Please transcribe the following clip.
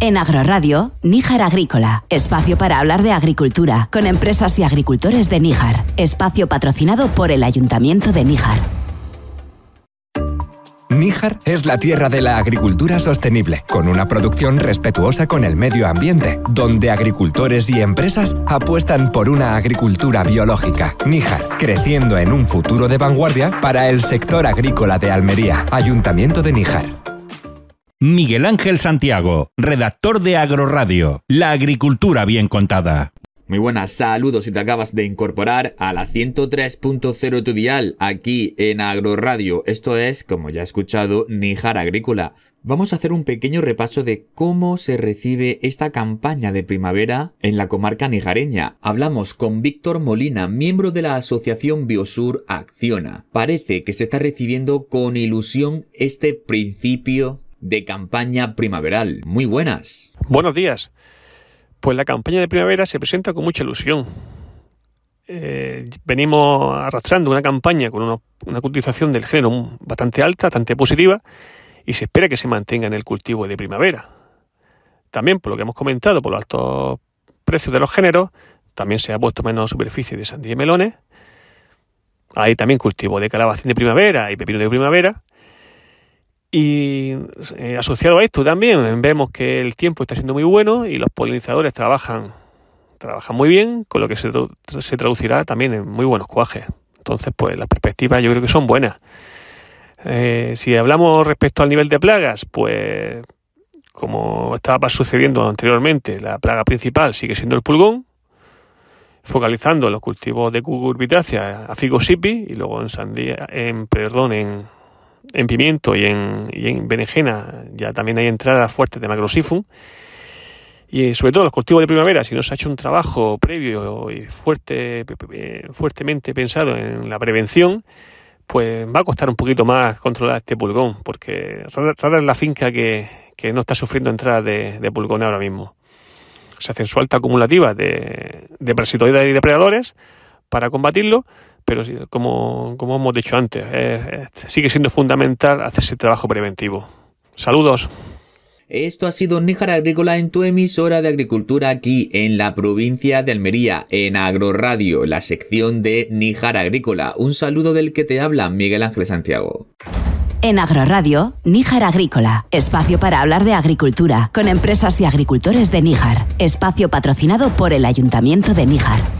En Agroradio, Níjar Agrícola, espacio para hablar de agricultura, con empresas y agricultores de Níjar, espacio patrocinado por el Ayuntamiento de Níjar. Níjar es la tierra de la agricultura sostenible, con una producción respetuosa con el medio ambiente, donde agricultores y empresas apuestan por una agricultura biológica. Níjar, creciendo en un futuro de vanguardia para el sector agrícola de Almería, Ayuntamiento de Níjar. Miguel Ángel Santiago, redactor de Agroradio, La Agricultura Bien Contada. Muy buenas, saludos si te acabas de incorporar a la 103.0 tu dial aquí en Agroradio. Esto es, como ya he escuchado, Nijar Agrícola. Vamos a hacer un pequeño repaso de cómo se recibe esta campaña de primavera en la comarca nijareña. Hablamos con Víctor Molina, miembro de la asociación Biosur Acciona. Parece que se está recibiendo con ilusión este principio de campaña primaveral. Muy buenas. Buenos días. Pues la campaña de primavera se presenta con mucha ilusión. Eh, venimos arrastrando una campaña con una, una del género bastante alta, bastante positiva, y se espera que se mantenga en el cultivo de primavera. También, por lo que hemos comentado, por los altos precios de los géneros, también se ha puesto menos superficie de sandía y melones. Hay también cultivo de calabacín de primavera y pepino de primavera, y eh, asociado a esto también vemos que el tiempo está siendo muy bueno y los polinizadores trabajan, trabajan muy bien, con lo que se, se traducirá también en muy buenos cuajes. Entonces, pues las perspectivas yo creo que son buenas. Eh, si hablamos respecto al nivel de plagas, pues como estaba sucediendo anteriormente, la plaga principal sigue siendo el pulgón, focalizando los cultivos de cucurbitácea, a Figosipi y luego en sandía, en perdón, en en pimiento y en, y berenjena ya también hay entradas fuertes de macrosifum. Y sobre todo los cultivos de primavera, si no se ha hecho un trabajo previo y fuerte, fuertemente pensado en la prevención, pues va a costar un poquito más controlar este pulgón, porque rara es la finca que, no está sufriendo entradas de, pulgón ahora mismo. Se hacen su alta acumulativa de, de y depredadores para combatirlo, pero como, hemos dicho antes, sigue siendo fundamental hacer ese trabajo preventivo. Saludos. Esto ha sido Níjar Agrícola en tu emisora de agricultura aquí en la provincia de Almería, en Agroradio, la sección de Níjar Agrícola. Un saludo del que te habla Miguel Ángel Santiago. En Agroradio, Níjar Agrícola, espacio para hablar de agricultura, con empresas y agricultores de Níjar, espacio patrocinado por el Ayuntamiento de Níjar.